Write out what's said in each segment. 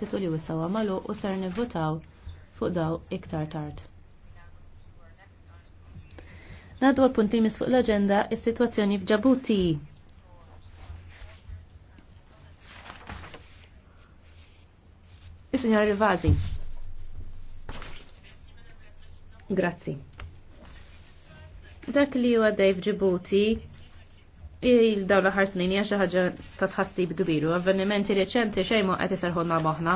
id-dibattitu li wissaw għamalu u ser nivvotaw fuq daw iktar tard. Nadu għal punti li fuq l-agenda is situazzjoni f'Ġabuti. Is-Sinjor Rivazi. Grazzi. Dak li huwa Dave Ġibuti il-dawn l-aħħar snin hija xi ħaġa ta' tħassib kbiru. Avvenimenti reċenti xejn għet qed moħna moħħna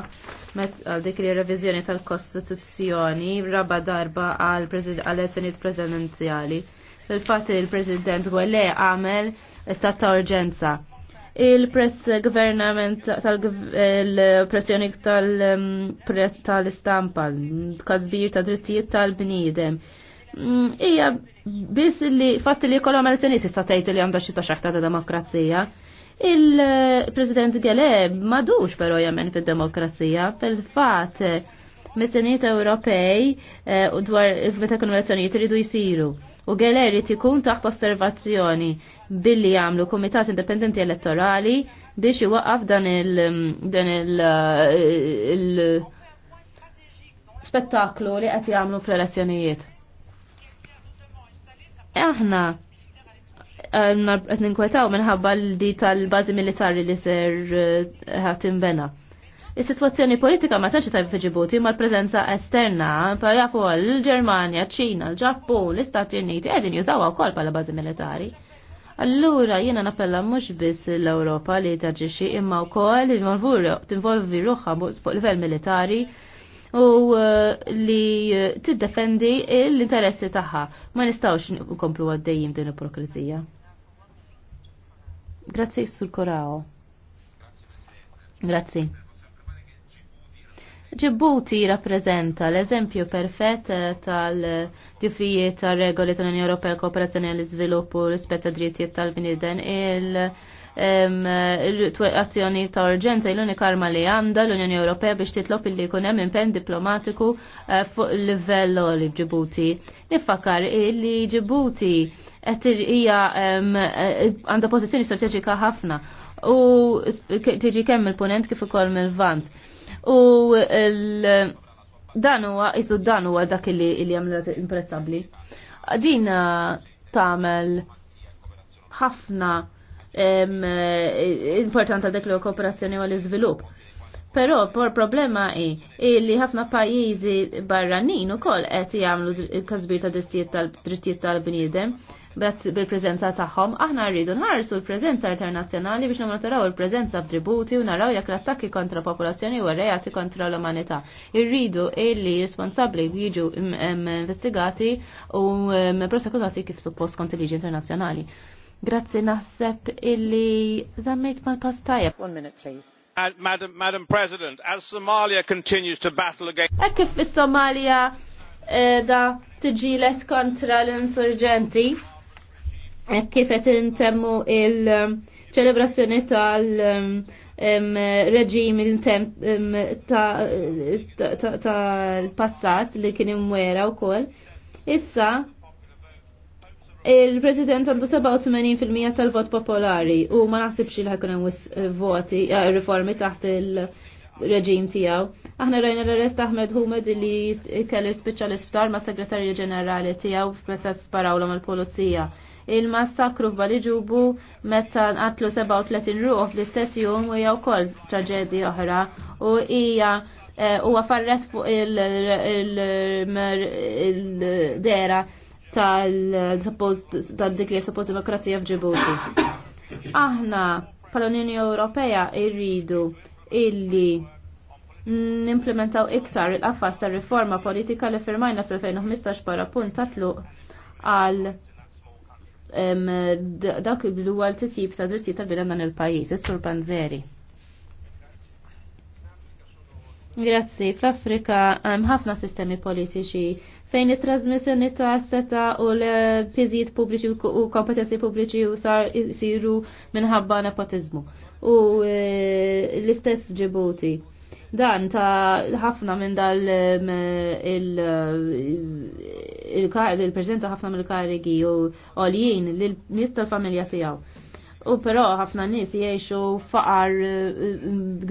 għal dik li reviżjoni tal-Kostituzzjoni raba darba għal elezzjoniet presidenzjali. Fil-fatt il-President Gwelle għamel stat ta' urġenza. Il-press governament tal-pressjoni mm, tal-istampa, kazbir ta' drittijiet tal-bniedem, hija biss li fatt li kolom elezzjoni tista' tgħid li għanda xi xaħta ta' demokrazija. Il-President Gele madux però jemmen fid-demokrazija, fil-fatt mistenijiet Ewropej u dwar meta kienu elezzjonijiet iridu jsiru. U Gele jrid ikun taħt osservazzjoni billi jagħmlu kumitat indipendenti elettorali biex iwaqqaf dan il- spettaklu li qed jagħmlu fl-elezzjonijiet aħna qed ninkwetaw minħabba l-di tal-bażi militari li ser eh, ħatim bena. Is-sitwazzjoni politika ma tantx tajb fiġibuti ma l prezenza esterna pa jafu l-Ġermanja, ċina, l-Ġappun, l-Istati Uniti qegħdin jużawha wkoll bħala bażi militari. Allura jiena nappella mhux biss l-Ewropa li taġiċi imma wkoll tinvolvi ruħa fuq livell militari u uh, li uh, tiddefendi l-interessi tagħha. Ma nistgħux nkomplu għaddejjim din ipokrizija. Grazzi Sur Korao. Grazzi. Ġibuti rappresenta l-eżempju perfett eh, tal-tifijiet tal-regoli tal-Unjoni Ewropea kooperazzjoni għall iżvilupp u rispetta drittijiet tal-bnieden il- azzjoni ta' urġenza l-unika arma li għanda l-Unjoni Ewropea biex titlob illi jkun hemm impenn diplomatiku eh, fuq livell li ġibuti. Nifakar li Ġibuti hija eh, għandha pożizzjoni strateġika ħafna u tiġi kemm il-punent kif ukoll mill-vant. U dan huwa isu dan huwa dak li hemm imprezzabbli. Din eh, tagħmel ħafna Eh, importanti dak li kooperazzjoni għal iżvilupp. Però por problema hi li ħafna pajjiżi barranin ukoll qed jagħmlu kasbir ta' drittijiet tal-bniedem bil-prezenza tagħhom, aħna rridu nħarsu l-prezenza internazzjonali biex nimmonitoraw il-prezenza f'Ġibuti u naraw jekk l-attakki kontra popolazzjoni u r kontra l-umanità. Irridu illi responsabbli jiġu investigati u prosekutati kif suppost kont liġi internazzjonali. Grazzi naħseb illi zammejt mal pastaja. One minute, please. Madam, Madam President, as Somalia continues to battle against... Ek kif is-Somalia da tiġilet kontra l insurgenti kif qed intemmu il-ċelebrazzjoni tal-reġim tal-passat li kien imwera wkoll. Issa, il-President għandu 87% tal-vot popolari u ma naħsibx li ħakun hemm eh, voti eh, riformi taħt il-reġim tiegħu. Aħna rajna l-arrest Ahmed Humed li kelli spiċċa isptar ma' segretarju ġenerali tiegħu f'prozess sparawlhom il-pulizija. Il-massakru f'Bali Ġubu meta nqatlu 37 ruħ l istess jum u hija kol traġedji oħra u hija eh, huwa farret fuq il-dera tal-suppost tal-dik li suppost demokrazija f'Ġibuti. Aħna pal Unjoni Ewropea irridu illi nimplementaw iktar il-qaffas ta' riforma politika li firmajna fil 2015 para punt tluq għal dak il-blu għal t-tip ta' dritti ta' bilan dan il-pajis, il-sur Panzeri. Grazzi, fl-Afrika hemm ħafna sistemi politiċi fejn it-trasmissjoni ta' seta u l-piżijiet pubbliċi u kompetenzi pubbliċi u sar isiru minħabba nepotizmu u e, l-istess Ġibuti. Dan ta' ħafna minn dal il-preżenta ħafna mill-karigi u għoljien l-nis l familja tiegħu. U però ħafna nies jgħixu faqar e,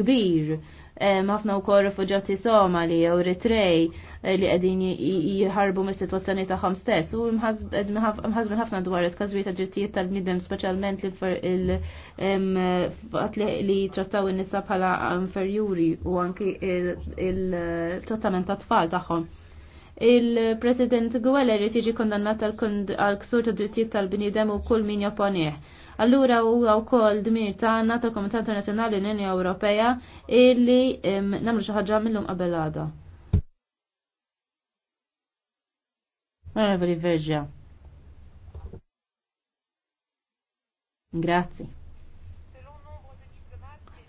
kbir ħafna wkoll rifuġjati Somali, Eritrej eh, li qegħdin jħarbu mis-sitwazzjoni tagħhom stess u mħażmin ħafna dwar it-każwijiet ta' ġittijiet tal-bniedem speċjalment il fatt li trattaw in-nisa bħala inferjuri u anki il-trattament tat-tfal tagħhom il-President Gweller jiġi kondannat għal ksur ta' drittijiet tal-bnidem u kull min japonieħ. Allura huwa wkoll dmir tagħna tal-Komitat Nazzjonali l-Unja Ewropea illi nagħmlu xi ħaġa minnhom qabel għada. Onorevoli Verġa. Grazzi.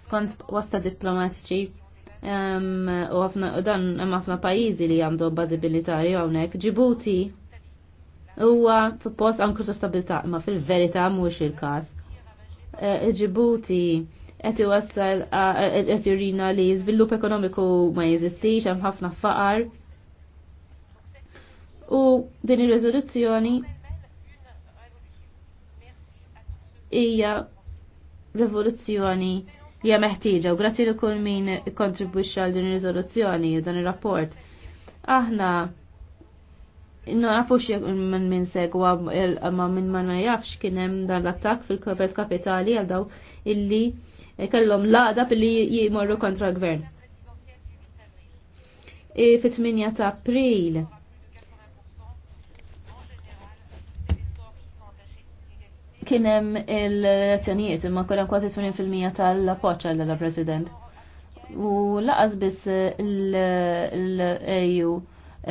Skont wasta diplomatiċi u dan għafna pajizi li għandu bazi militari għawnek, Ġibuti huwa suppost anke sostabilità, ma fil verita mux il kas e, Ġibuti għet ju għassal, għet e, jurina li zvillup ekonomiku ma jeżistix hemm ħafna faqar. U din il-rezoluzzjoni ija rivoluzzjoni hija meħtieġa u grazzi li kull min kontribwixxa għal din ir-riżoluzzjoni u dan ir-rapport. Aħna Inna nafux jek minn minn segwa ma minn ma najafx kienem dan l-attak fil-Kvebet kapitali għal daw illi kellhom laqda billi jimorru kontra l-gvern. Fit-8 ta' april kienem il-elezzjonijiet imma kura kważi 80% tal-appoċ għal president U laqas biss l-EU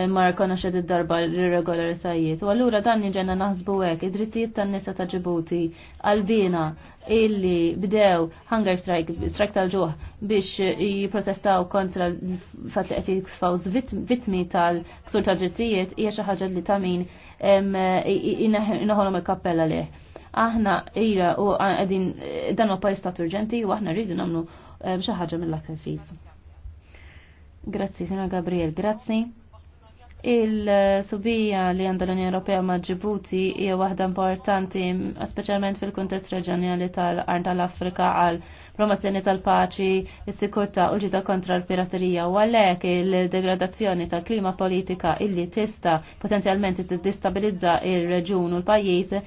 ma rkonoxed id-darba l-irregolaritajiet. U għallura dan ġenna naħsbu hekk id-drittijiet tan-nisa ta' Ġibuti għalbina illi bdew hunger strike, strike tal-ġuħ biex jiprotestaw kontra l-fat li qed kusfaw vittmi tal-ksur tal-drittijiet hija xi ħaġa li ta' min il-kappella liħ aħna ira u għadin dan u pajis stat urġenti u aħna rridu namlu eh, xaħġa mill-aktar fiz. Grazzi, Sina Gabriel, grazzi. Il-subija li għandha l-Unjoni Ewropea ma' Ġibuti hija waħda importanti, speċjalment fil-kuntest reġjonali tal-Qarn tal-Afrika għal promozzjoni tal-paċi, is-sikurtà u ġita kontra l-piraterija u għalhekk il-degradazzjoni tal-klima politika illi tista' potenzjalment tiddistabilizza il-reġun u l-pajjiż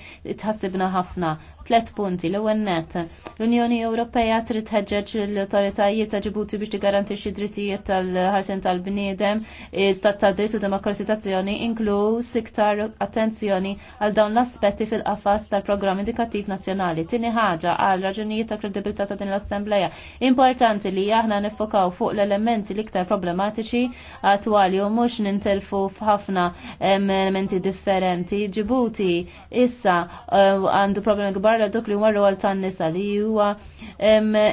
tħassibna ħafna Tlet punti l-ewwel net. L-Unjoni Ewropea trid ħeġġeġ l-autoritajiet ta' Ġibuti biex tigarantixxi drittijiet tal-ħarsen tal-bniedem, stat ta' dritt u demokratizzazzjoni inkluż iktar attenzjoni għal dawn l-aspetti fil-qafas tal-programm indikattiv nazzjonali. Tieni ħaġa għal raġunijiet ta' kredibilità ta' din l-Assembleja. Importanti li aħna nifokaw fuq l-elementi l-iktar problematiċi attwali u mhux nintelfu f'ħafna elementi differenti. Ġibuti issa eh, għandu problemi kbar dwar dok li huma għal tan-nisa li huwa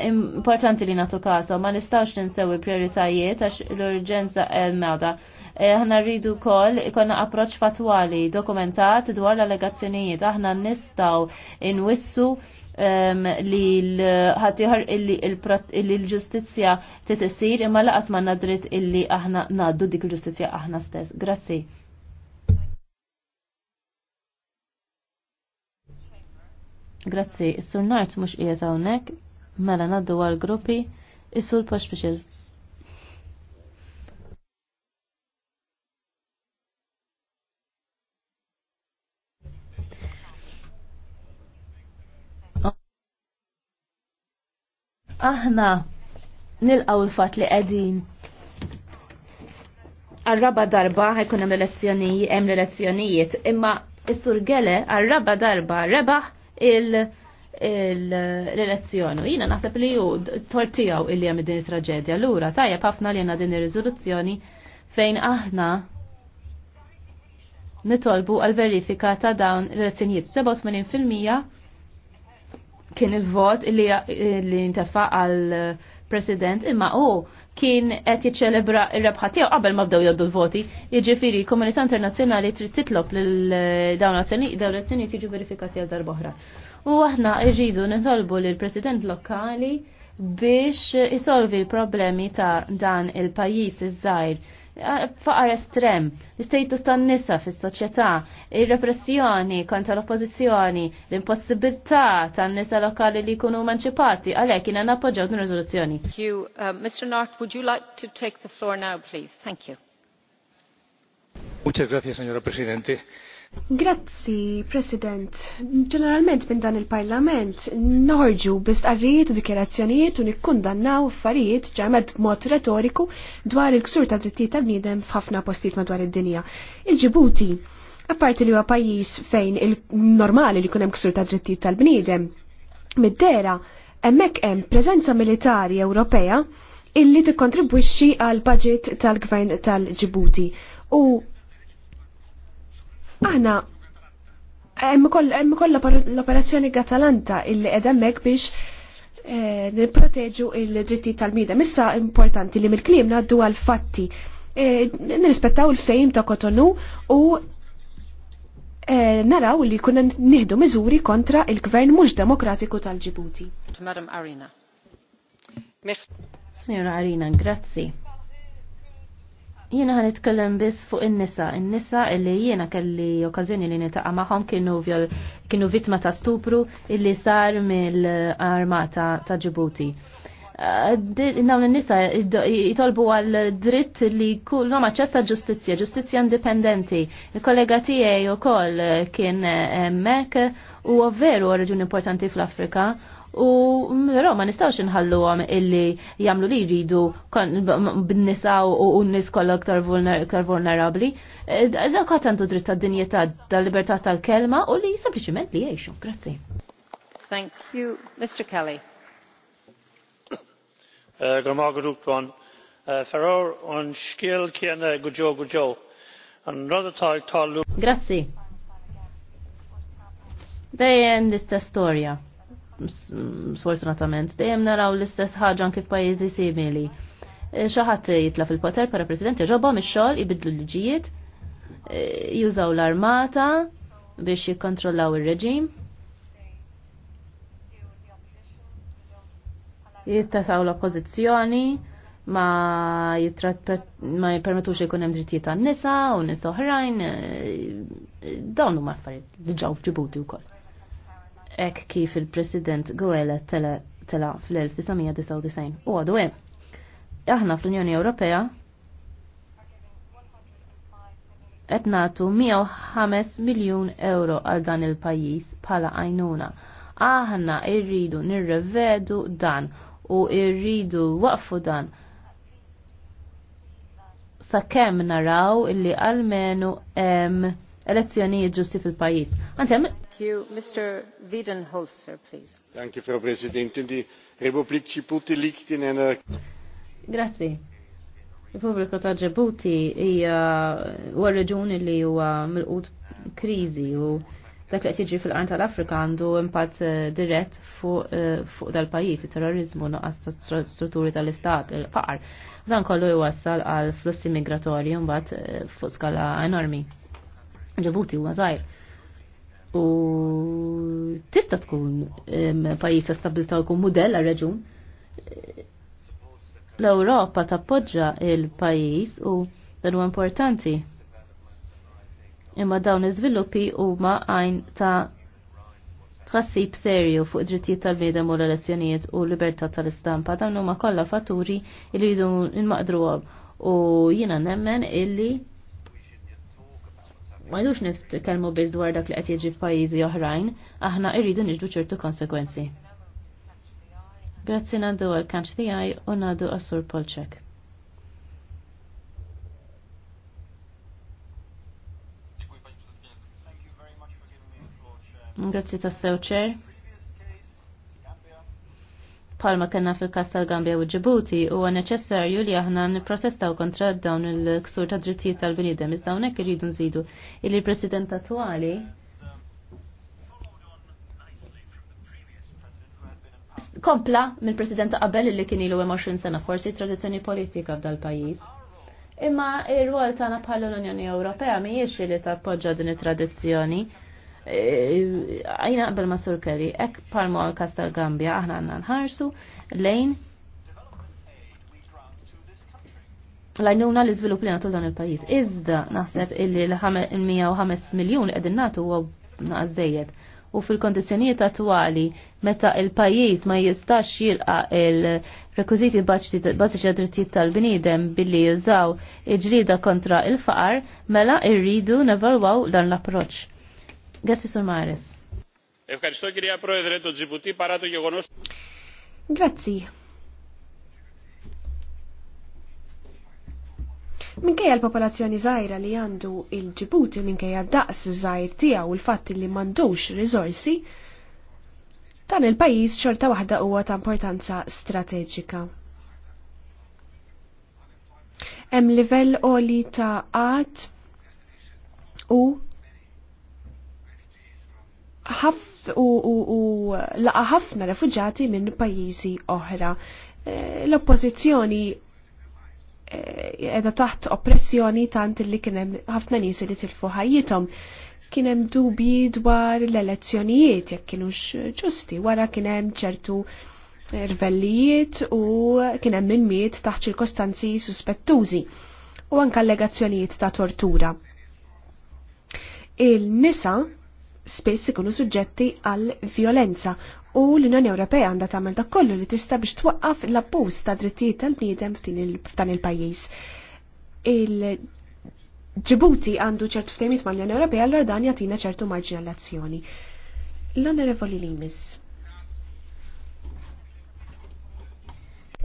importanti li nagħtu kasom ma nistgħux ninsewi prioritajiet għax l-urġenza għal mada eh, ħna rridu kol ikonna approċ fatwali dokumentat dwar l-allegazzjonijiet. Aħna nistaw inwissu li l-ħatiħar illi l-ġustizja titessir imma laqas ma nadrit illi aħna naddu dik l-ġustizja aħna stess. Grazzi. Grazzi, is-sur Nart mhux qiegħed hawnhekk, mela ngħaddu għal gruppi is-sur Poxpixil. Aħna nilqaw l fat li qegħdin għarraba darba ħajkun hemm l-elezzjonijiet hemm l-elezzjonijiet, imma is-sur Gele għarraba darba rebaħ l-elezzjonu. Jina naħseb li ju tortijaw illi għam din traġedja. L-ura tajja pafna li għanna din il-rizoluzzjoni fejn aħna nitolbu għal-verifika ta' dawn l-elezzjonijiet. 87% kien il-vot illi, li intefa għal-president imma u kien qed jiċċelebra r-rebħa tiegħu qabel ma bdew jgħaddu l-voti. Jiġifieri l-komunità internazzjonali trid titlob lil dawn l-azzjonijiet jiġu verifikati għal darba oħra. U aħna rridu nitolbu lill president lokali biex isolvi l-problemi ta' dan il-pajjiż iż-żgħir faqar estrem, l-istatus tan-nisa fis-soċjetà, ir-repressjoni kontra l-oppożizzjoni, l-impossibilità tan-nisa lokali li jkunu emanċipati, għalhekk jiena nappoġġjaw din riżoluzzjoni. Uh, Mr. Nart, would you like to take the floor now, please? Thank you. Muchas gracias, signora Presidente. Grazzi, President. Ġeneralment minn dan il-Parlament noħorġu bistqarrijiet u dikjerazzjonijiet u nikkundannaw affarijiet ġarmed b'mod retoriku dwar il-ksur ta' drittijiet tal-bniedem f'ħafna postijiet madwar id-dinja. Il-Ġibuti, apparti li huwa pajjiż fejn il-normali li kunem ksur ta' drittijiet tal-bniedem, mid-dera hemmhekk hemm preżenza militari Ewropea illi tikkontribwixxi għal budget tal-gvern tal-Ġibuti u Aħna hemm ukoll l-operazzjoni Gatalanta illi qed biex eh, nipproteġu il-dritti tal-mida. Missa importanti li mill-kliem ngħaddu għal-fatti. Eh, nirrispettaw il fsejim ta' Kotonu u eh, naraw li kuna nihdu miżuri kontra il-gvern mhux demokratiku tal-Ġibuti. Madam Arina. Signora Arina, grazie. Jiena ħan nitkellem biss fuq in-nisa. In-nisa illi jiena kelli okkażjoni li nitaqa' magħhom kienu kienu vittma ta' stupru illi sar mill-armata ta' Ġibuti. Eh, dawn in-nisa jitolbu għal dritt li kullhom aċċess ġustizzja, ġustizzja indipendenti. Il-kollega tiegħi wkoll kien hemmhekk u veru raġun importanti fl-Afrika u mm, però ma nistawx nħallu għam illi jamlu li jridu b'nisa u n-nies kollha aktar vulnerabbli. Eh, dak għatantu dritt tad-dinjetà tal-libertà tal-kelma u li sempliċiment li jgħixu. Grazzi. Thank you, Mr. Kelly. Eh, eh, Ferrar, Grazzi. Dejjem l-istess storja sfortunatament dejjem naraw l-istess ħaġa kif pajjiżi simili. E, Xaħat jitla fil-poter para president jaġobba mix-xogħol ibidlu l-liġijiet, e, jużaw l-armata biex jikkontrollaw ir-reġim. Jittasaw l-oppożizzjoni, ma ma jippermetux jkun hemm drittijiet tan-nisa u nisa oħrajn e, dawn huma affarijiet diġà ġibuti wkoll ek kif il-President Goela tela, tela fl-1999 u għadu għem. Aħna fl-Unjoni Ewropea qed nagħtu 105 miljun euro għal dan il-pajjiż bħala għajnuna. Aħna rridu nirrevedu dan u rridu waqfu dan sakemm naraw illi għalmenu hemm elezzjonijiet ġusti fil-pajjiż. Għantem. Mr. Wiedenholzer, please. Danke, Frau Präsidentin. Die Republik Ġibuti liegt in einer. Grazie. il ta' Ġibuti hija huwa reġuni li huwa milqud kriżi u dak li qed jiġri fil-qarn tal-Afrika għandu impatt eh, dirett fuq eh, dal-pajjiż, it-terrorizmu naqas ta' strutturi tal-istat, il-faqar. Dan kollu jwassal għal flussi migratorji mbagħad eh, fuq skala enormi. Ġibuti huwa żgħir. U tista' tkun pajjiż ta' stabilità jkun mudell għar-reġun. L-Ewropa tappoġġa il-pajjiż u dan huwa importanti. Imma dawn iżviluppi huma għajn ta' tħassib serju fuq drittijiet tal-bnedem u l-elezzjonijiet u libertà tal-istampa dawn huma kollha fatturi li jridu nmaqdruhom u jiena nemmen illi ma jidux nitkellmu biss dwar dak li qed jiġi f'pajjiżi oħrajn, aħna rridu niġdu ċertu konsekwenzi. Grazzi nandu għal kanċ tiegħi u nadu għas Polċek. Grazzi tassew ċer palma kena fil kastal tal-Gambia u Ġibuti u neċessarju li aħna niprotestaw kontra dawn il-ksur ta' drittijiet tal-bnidem. Iżda irridu nżidu li l president Attuali. kompla mill-president qabel li kien ilu 20 sena forsi tradizzjoni politika f'dal pajjiż. Imma ir-rwol tagħna bħala l-Unjoni Ewropea mhijiex li tappoġġa din it-tradizzjoni għajna qbel ma' Sur Kelly, ek palma għal kas tal-Gambja, aħna għanna nħarsu lejn lajnuna li zvilup li natu dan il-pajis. Iżda naħseb illi l-105 miljon edin natu huwa għazzejed. U fil-kondizjonijiet attuali, meta il-pajis ma jistax jilqa il-rekwiziti bażiċi drittijiet tal-bniedem billi jużaw iġrida kontra il-faqar, mela irridu nevalwaw dan l-approċċ Grazzi Sur Ευχαριστώ κυρία Πρόεδρε, το Τζιμπουτί παρά το γεγονός... Grazzi. Minkejja l-popolazzjoni żgħira li għandu il-Ġibuti minkejja daqs zaħir tiegħu u l-fatt li m'għandux risorsi. dan il pajis xorta waħda huwa ta' importanza strateġika. Hemm livell oli ta' għad u ħaft u laqa ħafna refuġati minn pajjiżi oħra. Eh, l-oppożizzjoni eh, edha taħt oppressjoni tant li kienem ħafna nies li tilfu ħajjithom. hemm dubji dwar l-elezzjonijiet jekk kienux ġusti, wara kien hemm ċertu rvellijiet u hemm min miet taħt ċirkostanzi suspettużi u anke allegazzjonijiet ta' tortura. Il-nisa spiss ikunu suġġetti għal violenza u l-Unjoni Ewropea għandha tagħmel dak kollu li tista' biex twaqqaf l-abbuż ta' drittijiet tal-bniedem f'dan il-pajjiż. Il-Ġibuti għandu ċertu ftehimiet mal-Unjoni Ewropea l-Ordanja tina ċertu marġinalazzjoni. L-Onorevoli Limis.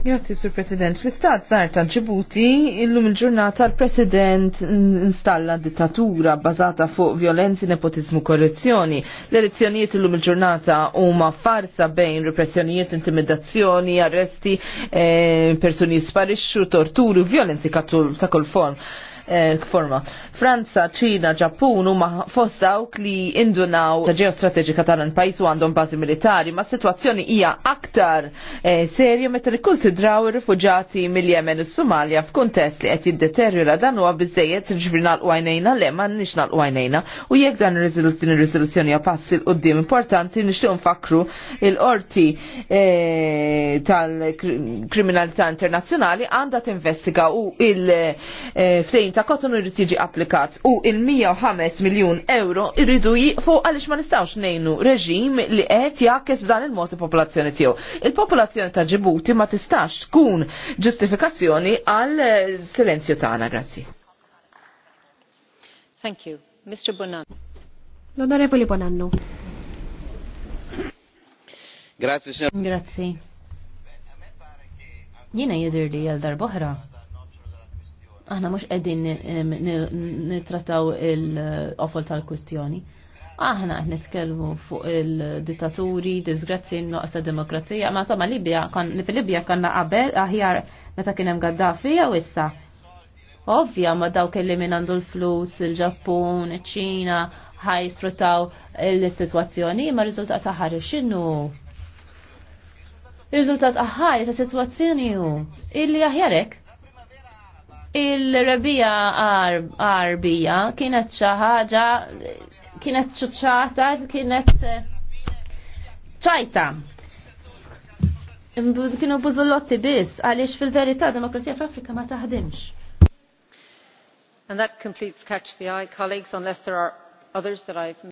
Grazie, Sur President. Fl-istat sar ta' Ġibuti, illum il-ġurnata l-President installa dittatura bazata fuq violenzi, nepotizmu, korruzzjoni. L-elezzjonijiet illum il-ġurnata huma farsa bejn repressjonijiet, intimidazzjoni, arresti, eh, personi sparixxu, torturi, violenzi ta' kull form Eh, forma. Franza, Ċina, Ġappun huma fost dawk li indunaw ta' ġeostrateġika tal-pajis u għandhom bażi militari, ma' situazzjoni hija aktar eh, serja meta nikkonsidraw ir-rifuġati mill-Jemen u Somalia f'kuntest li qed jiddeterjora dan huwa biżejjed ġbir nagħlqu għajnejna le ma nix nagħlqu għajnejna u jekk dan ir-riżoluzzjoni ir-riżoluzzjoni hija passi l qudiem importanti nixtieq nfakru il-qorti eh, tal-kriminalità internazzjonali għandha tinvestiga u il-ftejn ta' kotun irrid jiġi applikat u il-105 miljun euro irridu jiqfu għaliex ma nistawx nejnu reġim li qed jakkes b'dan il-mod il-popolazzjoni tiegħu. Il-popolazzjoni ta' Ġibuti ma tistax tkun ġustifikazzjoni għal eh, silenzju tagħna, grazzi. Thank you. Mr. Bonanno. L'onorevole Bonanno. Grazie, signor. Grazie. Jina jidir li għal darboħra aħna mhux qegħdin nittrattaw il-qofol tal-kwistjoni. Aħna qed nitkellmu fuq il-dittaturi, disgrazzi, noqs ta' demokrazija, ma insomma Libja fil-Libja konna qabel aħjar meta kien hemm Gaddafi jew issa. Ovvja ma dawk kelli min għandu l-flus, il-Ġappun, iċ-Ċina, ħaj sfruttaw il-sitwazzjoni, ma riżultat aħħar x'inhu? Il-riżultat aħħar ta' sitwazzjoni hu illi aħjarek Il-rebija arbija kienet xaħġa kienet ċuċċata, kienet eh, ċajta. Kienu bużullotti biss, għaliex fil-verità demokrazija f'Afrika afrika ma taħdimx. And that completes Catch the Eye, colleagues, unless there are others that I've...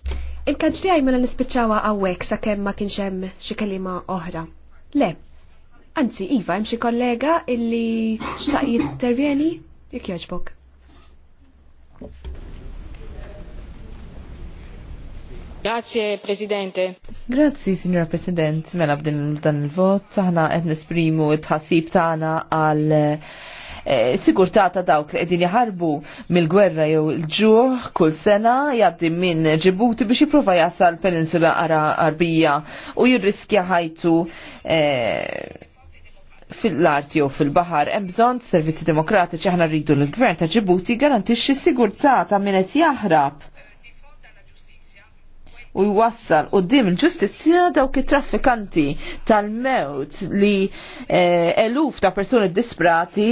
Il-kaġ di għajmuna mela l-ispiċawa għawek sa' kem ma kienxem xie kelima oħra. Le, anzi, Iva, hemm kollega illi xsaq jittervjeni? Jek jaġbok. Grazie, Presidente. Grazzi, Signora President. Mela b'din dan il-vot, saħna qed nesprimu t-ħassib tagħna għal eh, sigurtà ta' dawk li qegħdin jaħarbu mill-gwerra jew il-ġuħ kull sena jgħaddi minn Ġibuti biex jipprova jasal peninsula Arbija u jirriskja ħajtu eh, fil arti jew fil-bahar hemm bżonn servizzi demokratiċi aħna rridu l-gvern ta' Ġibuti garantixxi sigurtà ta' min qed jaħrab u jwassal dim il-ġustizzja dawk it-traffikanti tal-mewt li eh, eluf ta' persuni disprati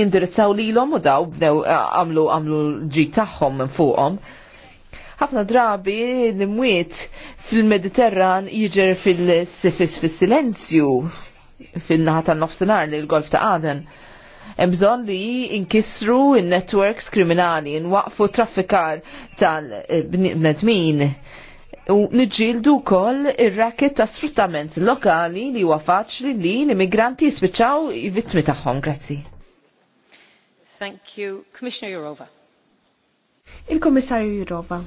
jindirizzaw lilhom u daw bnew eh, għamlu għamlu ġi tagħhom minn fuqhom ħafna drabi l-mwiet fil-Mediterran jiġer fil-sifis fil-silenzju, fil naħa tan-nofsinhar li l-Golf ta' Aden. Hemm bżonn li inkisru in-networks kriminali, nwaqfu traffikar tal-bnedmin u niġġieldu wkoll ir-racket ta' sfruttament lokali li huwa faċli li l-immigranti jispiċċaw vittmi tagħhom. Grazzi. Thank you. Commissioner Jourova. Il-Kommissarju Jourova.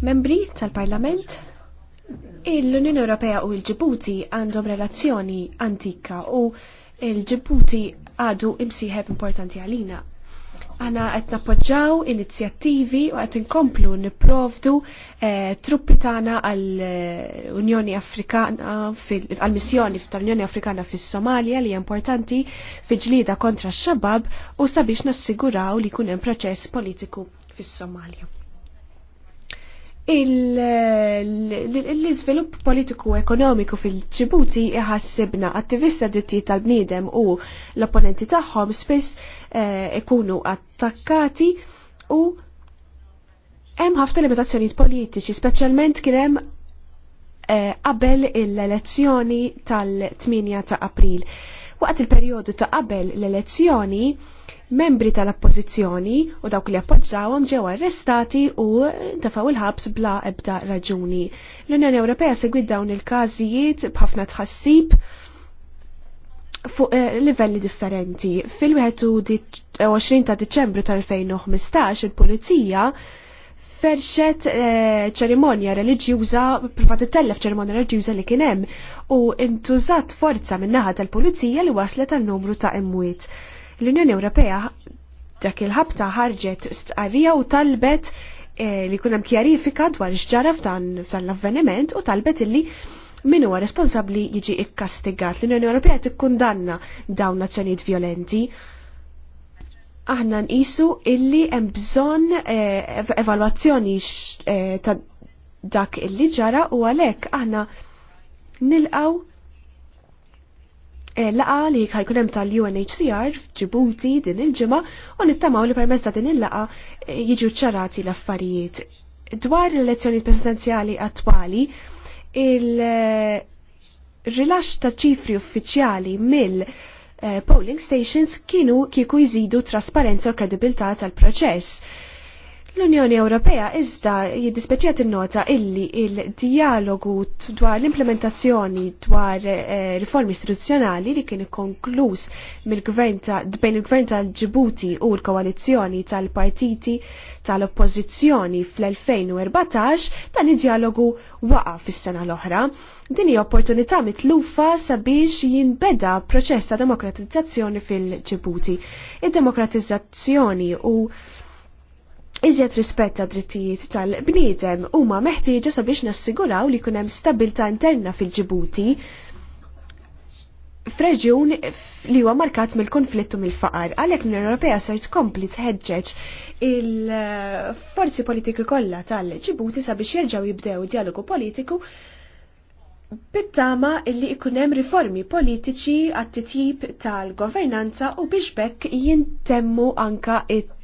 Membri tal-Parlament, l-Unjoni Ewropea u l-Ġibuti għandhom relazzjoni antika u l-Ġibuti għadu imsieħeb importanti għalina. Għana għet nappoġġaw inizjattivi u għet nkomplu niprovdu eh, truppi tana għal-Unjoni Afrikana, għal-missjoni tal-Unjoni Afrikana fis somalia li importanti fi ġlida kontra x-xabab u sabiex nassiguraw li kunem proċess politiku fis somalia l-izvilupp politiku ekonomiku fil-ġibuti iħassibna attivista drittijiet tal-bniedem u l-opponenti tagħhom spiss eh, ikunu attakkati u hemm ħafna limitazzjonijiet politiċi, speċjalment kien hemm eh, qabel l-elezzjoni tal-8 ta' April. Waqt il-perjodu ta' qabel l-elezzjoni membri tal-appożizzjoni u dawk li appoġġawhom ġew arrestati u tafaw il-ħabs bla ebda raġuni. L-Unjoni Ewropea segwit dawn il-każijiet b'ħafna tħassib fuq eh, livelli differenti. Fil-21 ta' Diċembru tal-2015 il-Pulizija ferxet eh, ċerimonja religjuża, provat tellef ċerimonja religjuża li kien hemm u intużat forza min-naħa tal-pulizija li waslet għal numru ta' imwiet. L-Unjoni Ewropea dak il-ħabta ħarġet stqarrija u talbet eh, li hemm kjarifika dwar xġara f'dan l-avveniment u talbet illi min huwa responsabbli jiġi ikkastigat. L-Unjoni Ewropea tikkundanna dawn azzjonijiet violenti. Aħna nqisu illi hemm bżonn eh, evalwazzjoni eh, ta' dak illi ġara u għalhekk aħna nilqaw Eh, laqa li ħajkun hemm tal-UNHCR f'Ġibuti din il-ġimgħa u nittamaw li permezz ta' din il-laqa eh, jiġu ċarati l-affarijiet. Dwar l-elezzjoni presidenzjali attwali, il-rilax eh, ta' ċifri uffiċjali mill- polling stations kienu kieku jżidu trasparenza u kredibilità tal-proċess L-Unjoni Ewropea iżda il-nota illi il-dialogu dwar l-implementazzjoni dwar eh, riformi istituzzjonali li kien konkluż mill-gvern bejn il-gvern tal-Ġibuti u l-koalizzjoni tal-partiti tal-oppożizzjoni fl-2014 dan id-dialogu waqa fis-sena l-oħra. Din hija opportunità mitlufa sabiex jinbeda proċess ta' demokratizzazzjoni fil-Ġibuti. Id-demokratizzazzjoni u Iżjed rispetta drittijiet tal-bniedem huma meħtieġa sabiex nassiguraw li kunem stabilta interna fil-ġibuti f'reġjun li huwa markat mill-konflittu mill-faqar. Għalhekk l-Unjoni Ewropea se tkompli tħeġġeġ il-forzi politiki kollha tal-Ġibuti sabiex jerġgħu jibdew dialogu politiku Bittama illi ikunem riformi politiċi għat titjib tal-governanza u biex bekk jintemmu anka it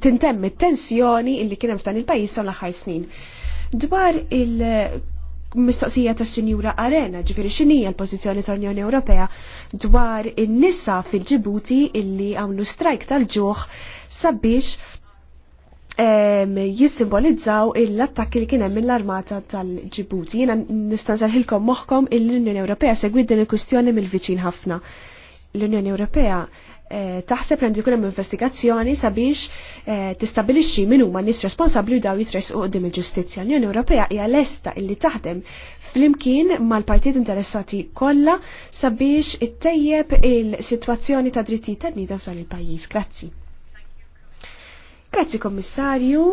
tintemm it-tensjoni illi kienem f'dan il-pajis son laħħar snin. Dwar il-mistoqsija ta' Sinjura Arena, ġifiri xinija l-pozizjoni tal-Unjoni Ewropea dwar in-nisa fil-ġibuti illi għamlu strajk tal-ġuħ sabiex ehm, jissimbolizzaw l-attakki li kienem mill-armata tal-ġibuti. Jena hilkom moħkom il-Unjoni Ewropea segwid din il-kustjoni mill-viċin ħafna. L-Unjoni Ewropea Eh, taħseb rendi kunem investigazzjoni sabiex eh, tistabilixxi min huma nies responsabbli daw u għoddim il-ġustizzja. L-Unjoni Ewropea hija lesta illi taħdem flimkien mal-partit interessati kollha sabiex it-tejjeb il-sitwazzjoni ta' drittijiet tan-nida f'dan il-pajjiż. Grazzi. Grazzi Kommissarju,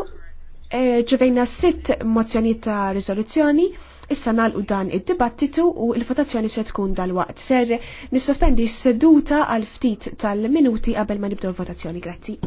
eh, ġivejna sitt mozzjoni ta' rizoluzzjoni. Issa nalqu dan id-dibattitu u l-votazzjoni se tkun dal-waqt. Ser nissospendi s-seduta għal ftit tal-minuti qabel ma nibdew votazzjoni. Grazzi.